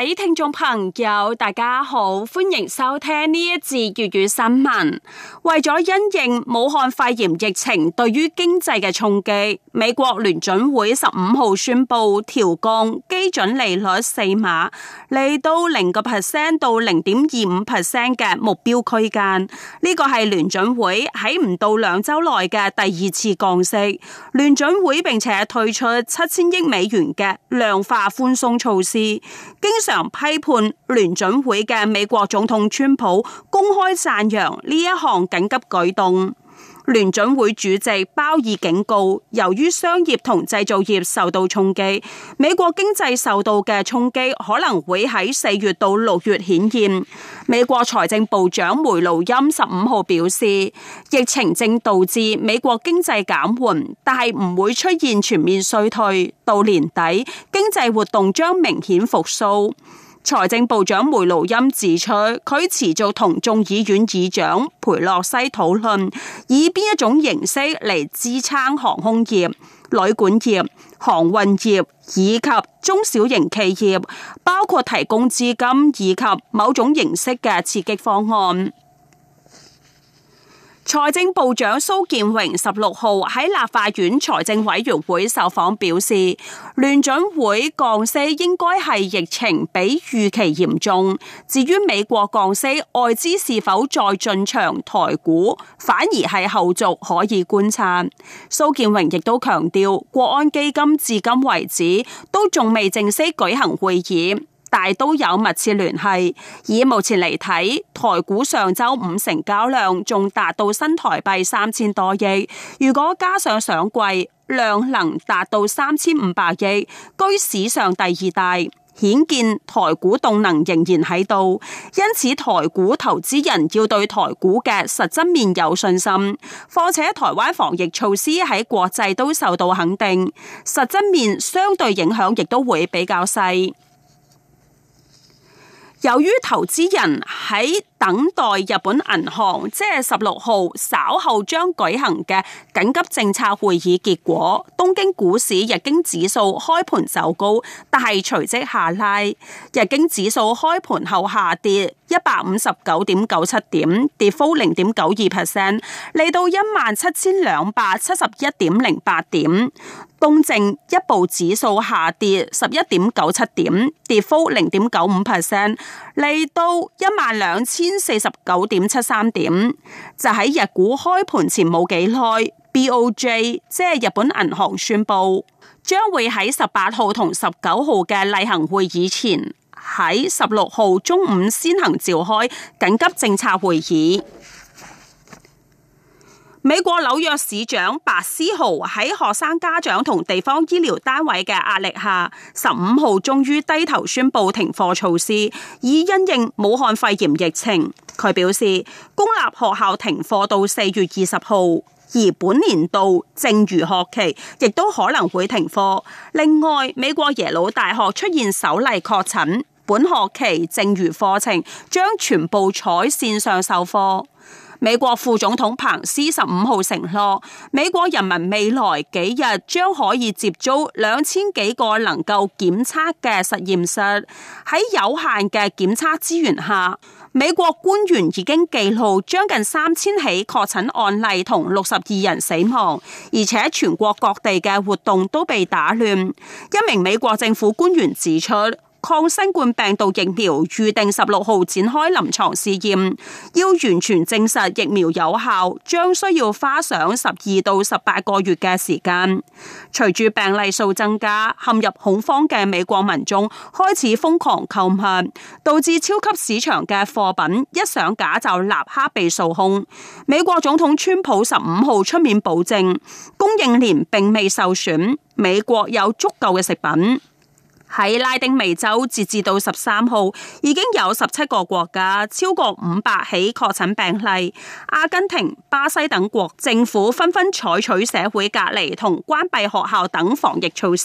各位聽眾朋友，大家好，歡迎收聽呢一節粵語新聞。為咗因應武漢肺炎疫情對於經濟嘅衝擊，美國聯準會十五號宣布調降基準利率四碼，嚟到零個 percent 到零點二五 percent 嘅目標區間。呢個係聯準會喺唔到兩周內嘅第二次降息。聯準會並且推出七千億美元嘅量化寬鬆措施，經常。批判聯準會嘅美國總統川普公開讚揚呢一項緊急舉動。聯準會主席鮑爾警告，由於商業同製造業受到衝擊，美國經濟受到嘅衝擊可能會喺四月到六月顯現。美國財政部長梅努欽十五號表示，疫情正導致美國經濟減緩，但係唔會出現全面衰退。到年底，經濟活動將明顯復蘇。財政部長梅努欽指出，佢持續同眾議院議長裴洛西討論，以邊一種形式嚟支撐航空業、旅館業、航運業以及中小型企業，包括提供資金以及某種形式嘅刺激方案。財政部長蘇建榮十六號喺立法院財政委員會受訪表示，聯準會降息應該係疫情比預期嚴重。至於美國降息，外資是否再進場台股，反而係後續可以觀察。蘇建榮亦都強調，國安基金至今為止都仲未正式舉行會議。大都有密切聯係。以目前嚟睇，台股上周五成交量仲達到新台幣三千多億，如果加上上季量能達到三千五百億，居史上第二大，顯見台股動能仍然喺度。因此，台股投資人要對台股嘅實質面有信心，況且台灣防疫措施喺國際都受到肯定，實質面相對影響亦都會比較細。由於投資人喺等待日本銀行即係十六號稍後將舉行嘅緊急政策會議結果，東京股市日經指數開盤走高，但係隨即下拉。日經指數開盤後下跌。一百五十九點九七點，跌幅零點九二 percent，嚟到一萬七千兩百七十一點零八點。東證一部指數下跌十一點九七點，跌幅零點九五 percent，嚟到一萬兩千四十九點七三點。就喺日股開盤前冇幾耐，BOJ 即係日本銀行宣布，將會喺十八號同十九號嘅例行會議前。喺十六號中午先行召開緊急政策會議。美國紐約市長白思豪喺學生家長同地方醫療單位嘅壓力下，十五號終於低頭宣布停課措施，以因應武漢肺炎疫情。佢表示，公立學校停課到四月二十號，而本年度剩餘學期亦都可能會停課。另外，美國耶魯大學出現首例確診。本學期剩餘課程將全部採線上授課。美國副總統彭斯十五號承諾，美國人民未來幾日將可以接觸兩千幾個能夠檢測嘅實驗室。喺有限嘅檢測資源下，美國官員已經記錄將近三千起確診案例同六十二人死亡，而且全國各地嘅活動都被打亂。一名美國政府官員指出，抗新冠病毒疫苗預定十六號展開臨床試驗，要完全證實疫苗有效，將需要花上十二到十八個月嘅時間。隨住病例數增加，陷入恐慌嘅美國民眾開始瘋狂購物，導致超級市場嘅貨品一上架就立刻被掃空。美國總統川普十五號出面保證，供應鏈並未受損，美國有足夠嘅食品。喺拉丁美洲，截至到十三號，已經有十七個國家超過五百起確診病例。阿根廷、巴西等國政府紛紛採取社會隔離同關閉學校等防疫措施。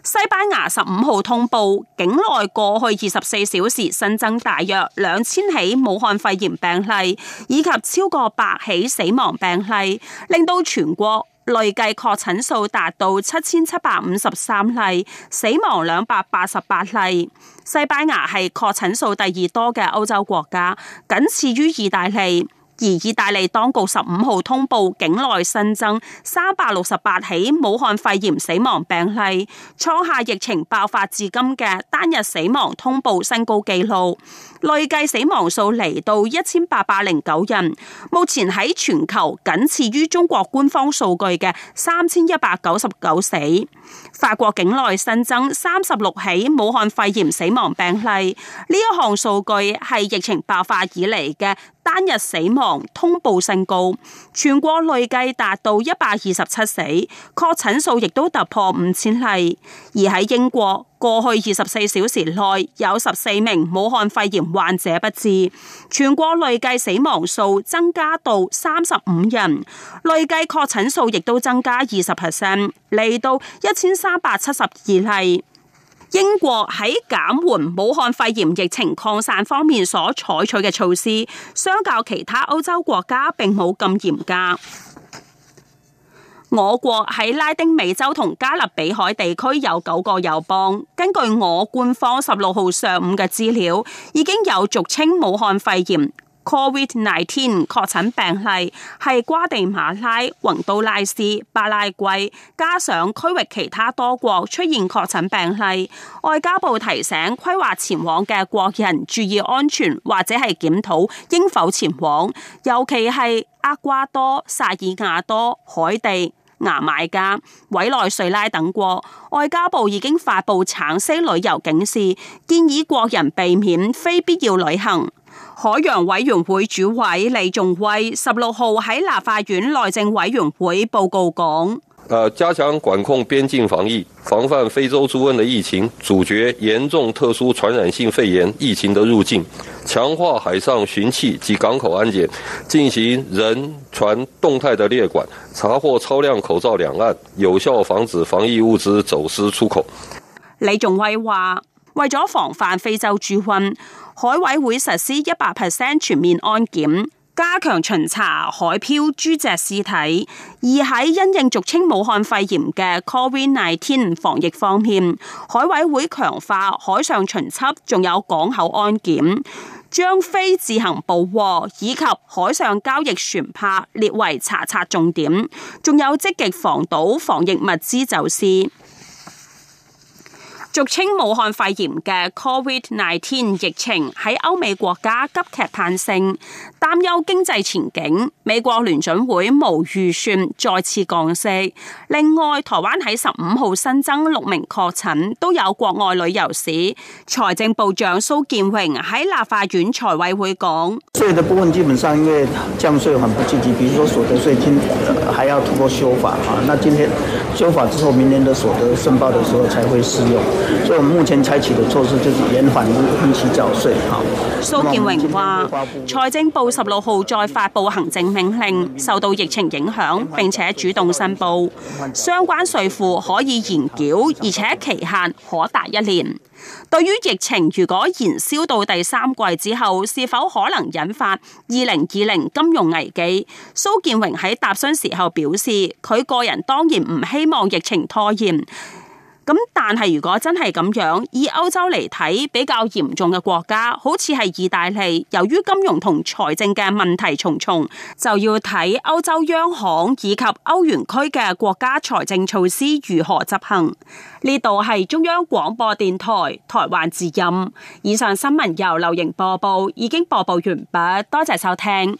西班牙十五號通報，境內過去二十四小時新增大約兩千起武漢肺炎病例，以及超過百起死亡病例，令到全國。累計確診數達到七千七百五十三例，死亡兩百八十八例。西班牙係確診數第二多嘅歐洲國家，僅次於意大利。而意大利當局十五號通報境內新增三百六十八起武漢肺炎死亡病例，創下疫情爆發至今嘅單日死亡通報新高紀錄，累計死亡數嚟到一千八百零九人，目前喺全球僅次於中國官方數據嘅三千一百九十九死。法國境內新增三十六起武漢肺炎死亡病例，呢一項數據係疫情爆發以嚟嘅。單日死亡通報性高，全國累計達到一百二十七死，確診數亦都突破五千例。而喺英國，過去二十四小時內有十四名武漢肺炎患者不治，全國累計死亡數增加到三十五人，累計確診數亦都增加二十 percent，嚟到一千三百七十二例。英國喺減緩武漢肺炎疫情擴散方面所採取嘅措施，相較其他歐洲國家，並冇咁嚴格。我國喺拉丁美洲同加勒比海地區有九個友邦，根據我官方十六號上午嘅資料，已經有俗稱武漢肺炎。Covid nineteen 確診病例係瓜地馬拉、宏都拉斯、巴拉圭。加上區域其他多國出現確診病例，外交部提醒規劃前往嘅國人注意安全，或者係檢討應否前往，尤其係厄瓜多、薩爾瓦多、海地、牙買加、委內瑞拉等國。外交部已經發布橙色旅遊警示，建議國人避免非必要旅行。海洋委員會主委李仲威十六號喺立法院內政委員會報告講，加強管控邊境防疫，防範非洲豬瘟的疫情，阻絕嚴重特殊傳染性肺炎疫情嘅入境，強化海上巡弋及港口安檢，進行人船動態的列管，查獲超量口罩，兩岸有效防止防疫物資走私出口。李仲威話。為咗防範非洲豬瘟，海委會實施一百 percent 全面安檢，加強巡查海漂豬隻屍體。而喺因應俗稱武漢肺炎嘅 COVID-19 防疫方面，海委會強化海上巡查，仲有港口安檢，將非自行捕獲以及海上交易船舶列為查察重點，仲有積極防堵防疫物資走私。俗稱武漢肺炎嘅 COVID-19 疫情喺歐美國家急劇攀升，擔憂經濟前景。美國聯準會無預算再次降息。另外，台灣喺十五號新增六名確診，都有國外旅遊史。財政部長蘇建榮喺立法院財委會講：稅的部分基本上因為降稅很不積極，比如說所得稅金還要通過修法啊。那今天修法之後，明年嘅所得申報的時候才會適用。所以，我目前採取嘅措施就是延緩分期繳稅。蘇建榮話，財政部十六號再發布行政命令，受到疫情影響，並且主動申報相關稅負可以延繳，而且期限可達一年。對於疫情如果延燒到第三季之後，是否可能引發二零二零金融危機？蘇建榮喺答詢時候表示，佢個人當然唔希望疫情拖延。咁但係如果真係咁樣，以歐洲嚟睇比較嚴重嘅國家，好似係意大利，由於金融同財政嘅問題重重，就要睇歐洲央行以及歐元區嘅國家財政措施如何執行。呢度係中央廣播電台台灣之音。以上新聞由劉瑩播報，已經播報完畢，多謝收聽。